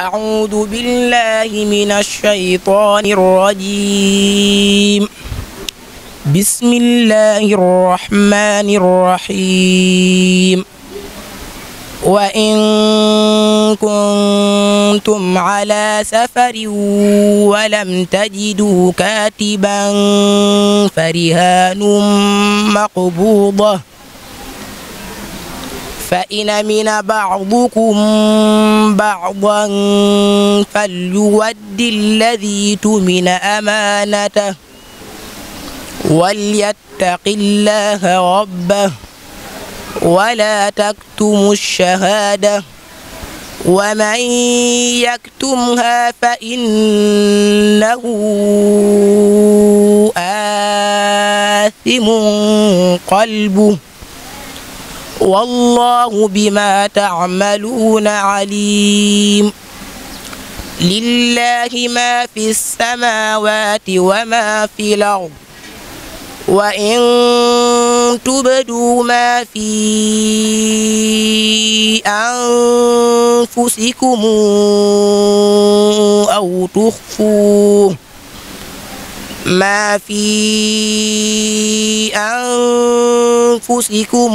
أعوذ بالله من الشيطان الرجيم بسم الله الرحمن الرحيم وإن كنتم على سفر ولم تجدوا كاتبا فرهان مقبوضة فإن من بعضكم بعضا فليود الذي تمن أمانته وليتق الله ربه ولا تكتموا الشهادة ومن يكتمها فإنه آثم قلبه والله بما تعملون عليم لله ما في السماوات وما في الأرض وإن تبدوا ما في أنفسكم أو تخفوه ما في أنفسكم أنفسكم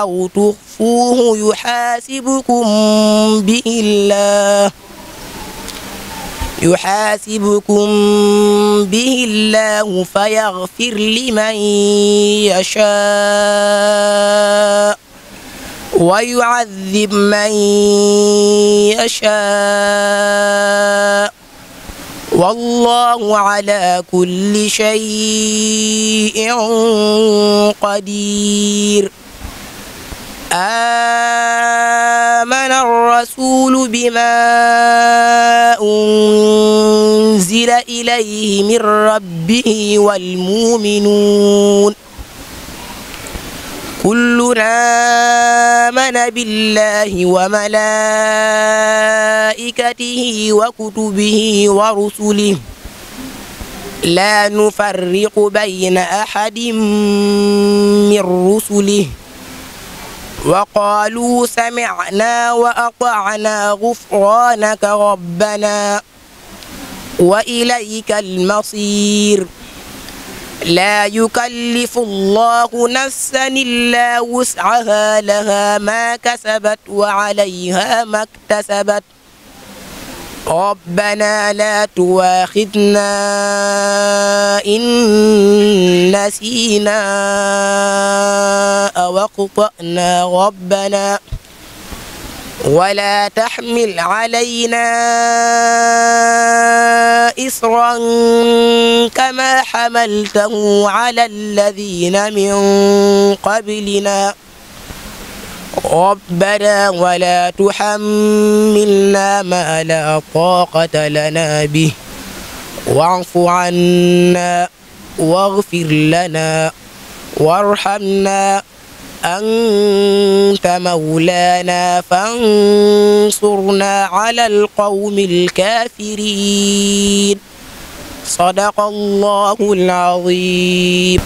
أو تخفوه يحاسبكم به الله يحاسبكم به الله فيغفر لمن يشاء ويعذب من يشاء والله على كل شيء قدير آمن الرسول بما أنزل إليه من ربه والمؤمنون كلنا آمن بالله وملائكته وكتبه ورسله لا نفرق بين أحد من رسله وقالوا سمعنا وأطعنا غفرانك ربنا وإليك المصير laa yukallifu allahu nafsan illaa wus'ahaa lahaa maa kasabat wa 'alayhaa maa iktasabat rabbanaa laa tuwaaxidnaa in nasiinaa aw axta'naa rabbanaa ولا تحمل علينا إصرا كما حملته على الذين من قبلنا ربنا ولا تحملنا ما لا طاقة لنا به واعف عنا واغفر لنا وارحمنا أنت مولانا فانصرنا على القوم الكافرين صدق الله العظيم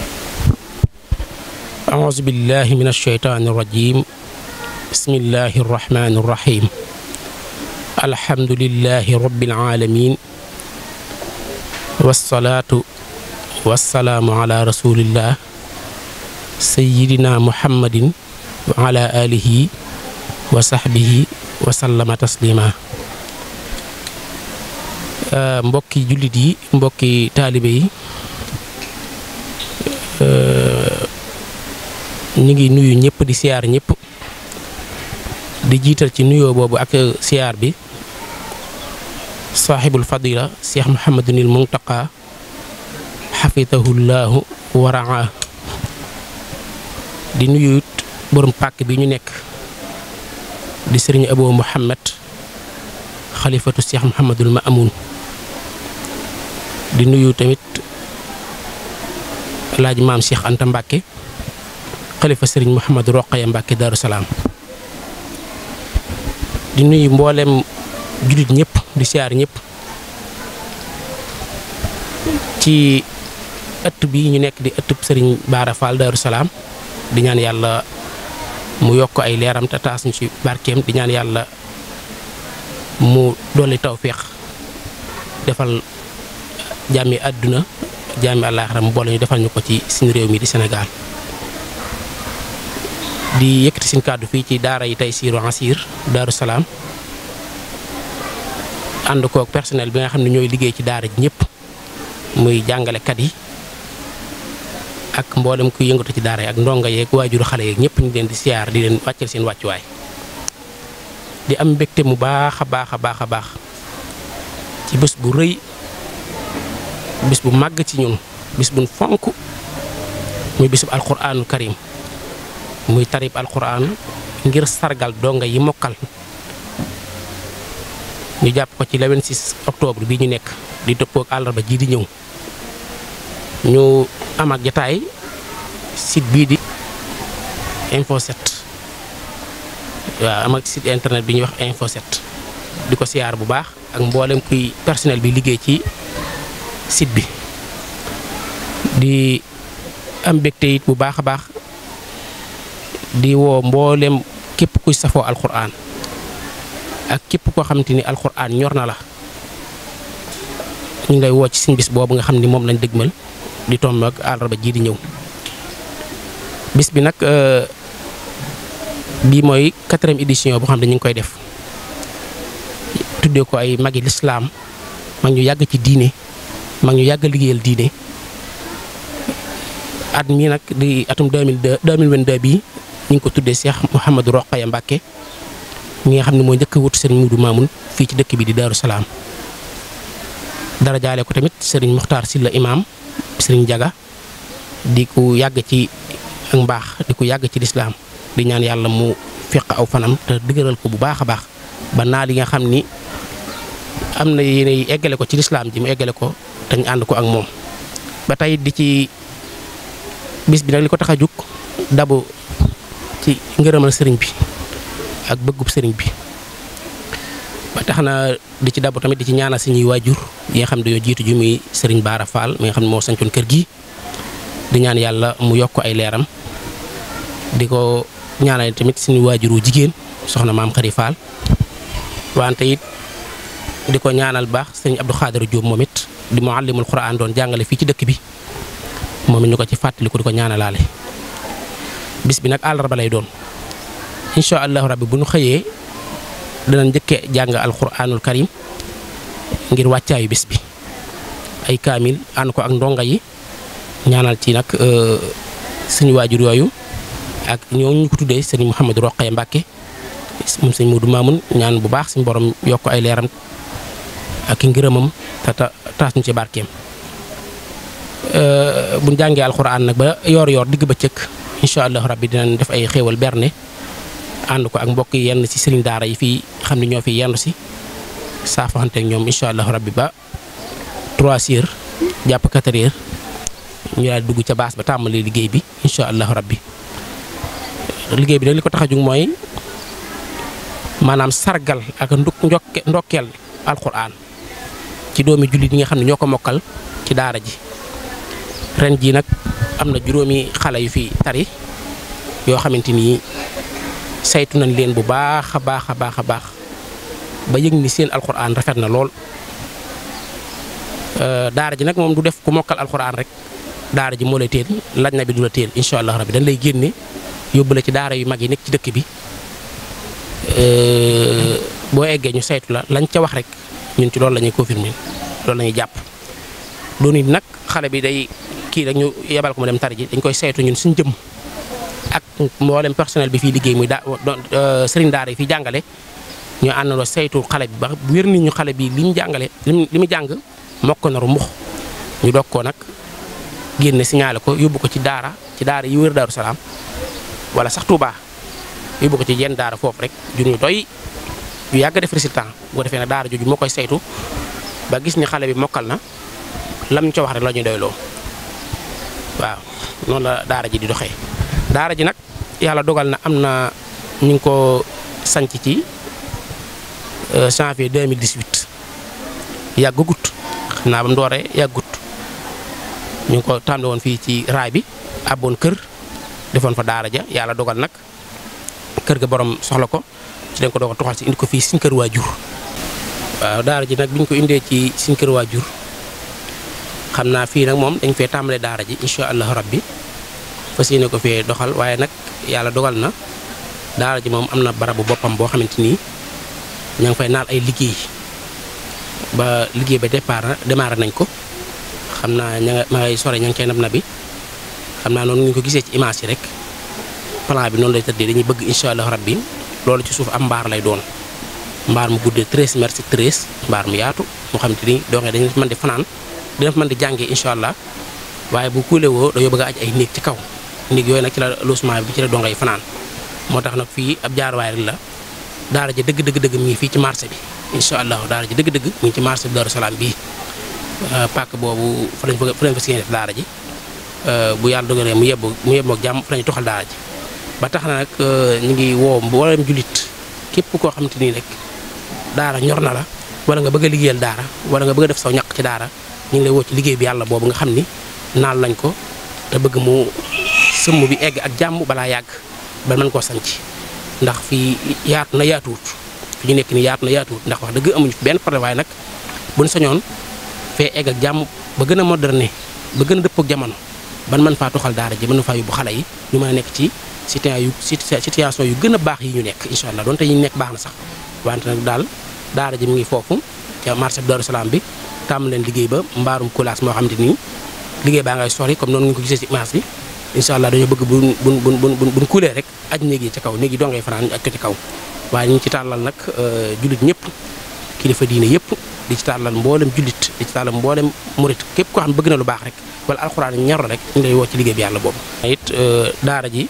أعوذ بالله من الشيطان الرجيم بسم الله الرحمن الرحيم الحمد لله رب العالمين والصلاة والسلام على رسول الله sayyidina muhammadin wa ala alihi wa sahbihi wa sallama taslima euh, mbokki jullit yi mbokki taalibe yi euh, ñu ngi nuyu ñëpp di siyaar ñëpp di jiital ci nuyoo boobu ak siyaar bi saaxibul fadila cheikh muhammadunil muntaqa xafitahu llaahu di nuyu borom pàkk bi ñu nekk di sëriñ Abo Muhammad xalifatu Cheikh ma Maamoun di nuyu tamit laaj maam Cheikh Anta Mbacke xalifa sëriñ Mouhamadou Roqaya Mbacke Darou Salaam di nuyu mbooleem jullit ñépp di siyaar ñëpp ci ëtt bi ñu nekk di ëttub sëriñ Baara Fall di ñaan yàlla mu yokk ay leeram taas ñu ci barkeem di ñaan yàlla mu dolli tawféex defal jàmmi àdduna jàmmi àllaaxira mu ñu defal ñu ko ci suñu réew mi di Sénégal di yëkkati suñu kàddu fii ci daara yi tey siiru ansir daaru salaam ànd koog personnel bi nga xam ne ñooy liggéey ci daara ji ñëpp muy jàngalekat yi ak mboolem kuy yëngatu ci daara yi ak ndonga yeeg waajuru xale yeeg ñëpp ñu leen di siyaar di leen wàcceel seen wàccuwaay di am mbégte mu baax a baax a baax a baax ci bés bu rëy bés bu màgg ci ñun bis bu fonk muy bés bu alquraanu karim muy tarib alquraan ngir sargal dongo yi mokkal ñu jàpp ko ci le 26 bi ñu nekk di dëppoo ak àllarba ji di ñëw. ñu am ak jataay site bii di info 7 waaw am ak site internet bi ñuy wax info set di ko siyaar bu baax ak mboolem kuy personnel bi liggéey ci site bi di am mbégte it bu baax a baax di woo mboolem képp kuy safoo alxuraan ak képp koo xamante ni alxuraan ñor na la ñu ngi woo ci suñ boobu nga xam ni moom lañ dëgmal di tomb ak àllarba ji di ñëw bis bi nag euh, bii mooy quatrième édition boo xam ne ñu ngi koy def tuddee ko ay magi lislaam mag ñu yàgg ci diine mag ñu yàgg liggéeyal diine at mii nag di atum 2002 2022 bii ñu ngi ko tuddee Cheikh Mouhamadou Rokhaya Mbacké mi nga xam ne mooy njëkk wut wutu Serigne Moudou fii ci dëkk bi di Darou Salaam dara jaale ko tamit Serigne Mokhtar Sylla Imaam sëriñ jaga di ku yàgg ci ak mbaax di ku yàgg ci lislaam di ñaan yàlla mu feq aw fanam te dëgëral ko bu baax a baax ba naa li nga xam ni am na yéene eggale ko ci lislaam ji mu eggale ko dañ ànd ko ak moom ba tey di ci bis bi nag li ko tax a jug dabu ci ngërëmal sëriñ bi ak bëggub sëriñ bi ba tax na di ci dabu tamit di ci ñaanal suñuy waajur yi nga xam dañoo jiitu ju muy Serigne Bara Fall mi nga xam ne moo sancoon kër gi di ñaan yàlla mu yokk ay leeram di ko ñaanal tamit suñu waajuru jigéen soxna maam Xari Fall wante it di ko ñaanal baax sëñ Abdou Khadir Diop moom it di mu àllimul Quraan doon jàngale fii ci dëkk bi moom it ñu ko ci fàttaliku di ko ñaanalaale bis bi nag àllarba lay doon incha allahu rabbi bu ñu xëyee. dana njëkkee jàng alquranul karim ngir wàccaayu bés bi ay kaamil ànd ko ak ndongo yi ñaanal ci nag euh, suñu waajur yooyu ak ñooñu ñu ko tuddee sëñ Mouhamadou Roqee Mbàkke moom sëñ Modou Mamoun ñaan bu baax suñu borom yokk ay leeram ak ngërëmam te ta taas ñu ci barkeem euh, buñ jàngee alxuraan nag ba yoor yoor digg ba cëkk incha allah rabbi dina def ay xéewal berne ànd ko ak mbokk yi yenn ci sëriñ daara yi fii xam ne ñoo fi yenn si saafaxante ak ñoom incha allahu rabbi ba 3 heures jàpp 4 ñu daal dugg ca baas ba tàmbali liggéey bi incha allahu rabbi liggéey bi nag li ko tax a mooy maanaam sargal ak nduk ndokkeel alquran ci doomi jullit yi nga xam ne ñoo ko mokkal ci daara ji ren jii nag am na juróomi xale yu fi tari yoo xamante ni saytu nañ leen bu baax a baax a baax a baax ba yëg ni seen alxuraan rafet na lool euh, daara ji nag moom du def ku mokkal alxuraan rek daara ji moo lay teel laaj na bi du la teel incha allah rabbi dañ lay génne yóbbu la ci daara yu mag yi nekk ci dëkk bi euh, boo eggee ñu saytu la lañ ca wax rek ñun ci lool lañuy ñuy confirmer loolu la ñuy jàpp. loolu nag xale bi day kii rek ñu yebal ko mu dem tari ji dañ koy saytu ñun suñ jëm. ak mboolem personnel bi fiy liggéey muy daa euh, seriñ daara yi fi jàngale ñu àndandoo saytu xale bi ba wér ni ñu xale bi li mu jàngale li mu jàng mokk naru mbux ñu dog ko nag génne signalé ko yóbbu ko ci daara ci daara yi wér daaru salaam wala sax Touba yóbbu ci yenn daara foofu rek juñu doy yu yàgg def résultat bu ko defee nag daara jooju moo koy saytu ba gis ni xale bi mokkal na lam ñu ca wax rek la ñu doyloo waaw noonu la daara ji di doxee. daara ji nag yàlla dogal na am na ñu ngi ko sanc ci euh, janvier 2018 yàggagut xam naa ba mu dooree yàggut ñu ngi ko tàmbale woon fii ci raay bi abboon kër defoon fa daara ja yàlla dogal nag kër ga borom soxla ko ci dañ ko doog a tuxal si indi ko fii suñ kër waa jur waaw daara ji nag bi ñu ko indee ci suñ kër waa jur xam naa fii nag moom dañ fee tàmbale daara ji incha allahu rabbi fas ko fee doxal waaye nag yàlla dogal na daara ji moom am na barabu boppam boo xamante ni ña ngi fay naal ay liggéey ba liggéey ba départ démarré nañ ko xam naa ña nga ma ngay sore ña ngi koy nab na bi xam naa noonu ñu ko gisee ci image yi rek plan bi noonu lay tëddee dañuy bëgg incha allah bi loolu ci suuf am mbaar lay doon mbaar mu guddee 13 mètres 13 mbaar mu yaatu moo xamante ni doo nga dañu man di fanaan dina fa di jàngee incha allah waaye bu kuule woo dañoo bëgg a néeg ci kaw néeg yooyu nag ci la logement bi ci la donga yi fanaan moo tax nag fii ab jaarwaay rek la daara ji dëgg dëgg dëgg mu ngi fii ci marché bi incha allah daara ji dëgg dëgg mu ngi ci marché bi Daaru Salaam bii euh, pàkk boobu fa lañ fa fa lañ fa def euh, bu yàlla dogalee mu yebb mu yebb ak jàmm fa lañu toxal daara ji ba tax na nag euh, ñu ngi woo mboolem jullit képp koo xamante nii rek daara ñor na la wala nga bëgg a liggéeyal daara wala nga bëgg def saw ñaq ci daara ñu ngi lay woo ci liggéey bi yàlla boobu nga xam ni naal lañ ko te bëgg mu sëmm bi egg ak jàmm balaa yàgg ba mën koo sanc ndax fii yaatu na yaatuwut fi ñu nekk ni yaatu na yaatuwut ndax wax dëgg amuñu benn problème waaye nag sa ñoon fee egg ak jàmm ba gën a moderne ba gën a dëppoo ak jamono ban mën faa toxal daara ji mën xale yi mën a nekk ci situation yu situation yu gën a baax yi ñu nekk incha allah donte ñu nekk baax na sax wante nag daal daara ji mu ngi foofu ca marché bi Daaru Salaam bi tàmm leen liggéey ba mbaarum kulaas moo xam te ni liggéey baa ngay sori comme noonu nga ko gisee ci image bi incha allah dañoo bëgg buñ buñ buñ buñ buñ kuulee rek aj néeg yi ca kaw néeg yi dongay fanaan ñu aj ko ca kaw waaye ñu ngi ci tàllal nag euh, jullit ñëpp kilifa diine yëpp di ci tàllal mboolem jullit di ci tàllal mboolem murit képp koo xam bëgg na lu baax rek wala alxuraan ñar rek ñu lay woo ci liggéey bi yàlla boobu. it euh, daara ji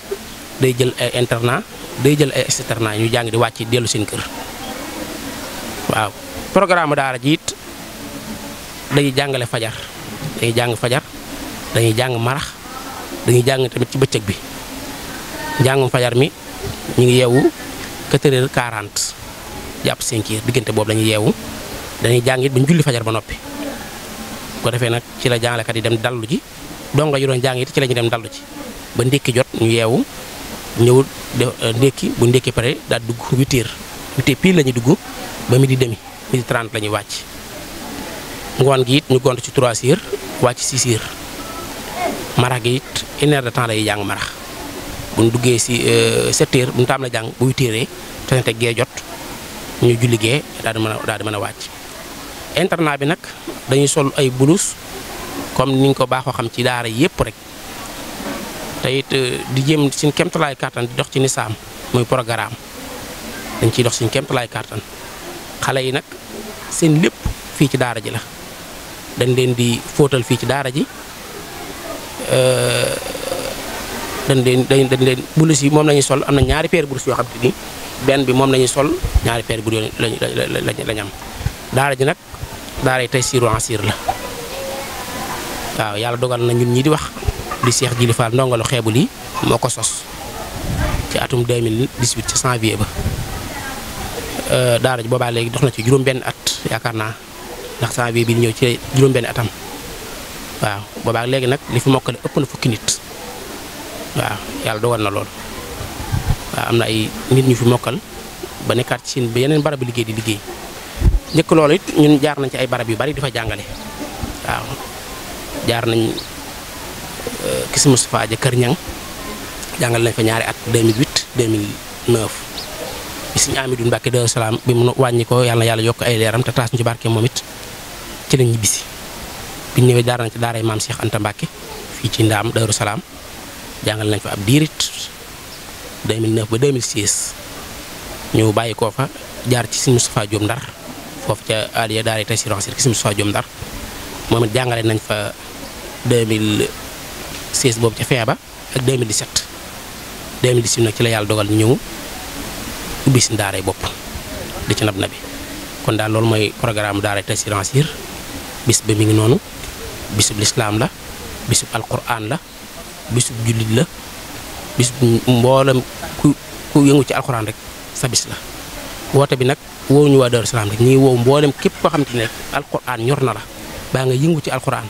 day jël ay internat day jël ay externat ñu jàng di wàcc dellu seen kër waaw programme daara ji it dañuy jàngale fajar dañuy jàng fajar dañuy jàng marax. dañuy jàng tamit ci bëccëg bi njàngum fajar mi ñu ngi yeewu 4 heures 40 jàpp 5 heures diggante boobu lañuy ñuy yeewu dañuy jàngi it ba ñu julli fajar ba noppi bu ko defee nag ci la jàngalekat yi dem dallu ji donga yu doon jàng it ci lañuy dem dallu ji ba ndékki jot ñu yeewu ñëw euh, ndékki bu ndékki pare daal dugg 8 heures 8 heures la ñuy dugg ba midi demi midi 30 la ñuy wàcc ngoon gi it ñu gont ci 3 wàcc 6 marax gi it une heure de temps lay jàng marax bu ñu duggee si 7 euh, heures bu ñu taam la jàng bu 8 heures te gee jot ñu julli gee daal di mën a mën a wàcc. internat bi nag dañuy sol ay bulus comme ni ñu ko baaxoo xam ci daara yépp rek te it euh, di jëm suñ kemtalaay kàttan di dox ci nisaam muy programme dañ ciy dox suñ kemtalaay kàttan xale yi nag seen lépp fii ci daara ji la dañ leen di fóotal fii ci daara ji. Euh, dañ leen dañ dañ leen bulus yi moom lañuy sol am na ñaari paire bulus yoo xam te ni benn bi moom la sol ñaari peer bu yooyu lañ lañ lañ am daara ji nag daara yi tey siiru asiir la waaw yàlla dogal na ñun di wax di Seex Jili Faal ndongolo xeebul moo ko sos ci atum 2018 ci janvier ba euh, daara ji boobaa léegi dox na ci juróom-benn at yaakaar naa ndax janvier bi ñëw ci juróom-benn atam waaw boobaak léegi nag li fi mokkale ëpp na fukki nit waaw yàlla dogal na loolu waaw am na ay nit ñu fi mokkal ba nekkaat ci seen ba yeneen barab liggéey di liggéey njëkk loolu it ñun jaar nañ ci ay barab yu bari di fa jàngale waaw jaar nañ euh, Kis Moustapha ja Kër ñaŋ jàngale nañ fa ñaari at 2008 2009 bi Sëriñ Amidou Mbàkke Daaru Salaam bi mu wàññi ko yàlla yàlla yokk ay leeram te taas ñu ci barke moom it ci lañ ñibbisi bi ñëwee jaar na ci daaray maam Cheikh Anta fii ci Ndaam Darou Salaam jàngal nañ fa ab diirit 2009 ba 2006 ñu bàyyi koo fa jaar ci Sëriñ Moustapha Diop Ndar foofu ca Aliya Daara tey si Rancir Sëriñ Moustapha Diop Ndar moom it jàngale nañ fa 2016 boobu ca feeba ak 2017 2018 nag ci la yàlla dogal ñëw ubbi si daaray bopp di ci nab na bi kon daal loolu mooy programme Daara tey si Rancir bis ba mi ngi noonu. bisub lislaam la bisub alquran la bisub jullit la bisub mboolem ku ku yëngu ci alquran rek sa bis la woote bi nag woowu ñu waa Daaru Salaam rek ñi woow mboolem képp koo xam te ne alquran ñor na la baa nga yëngu ci alquran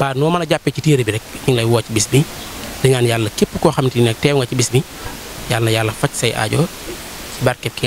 baa noo mën a jàppee ci téere bi rek ñu ngi lay woo ci bis bi di yàlla képp koo xam te ne teew nga ci bis bi yàlla yàlla faj say aajo ci barkeb ki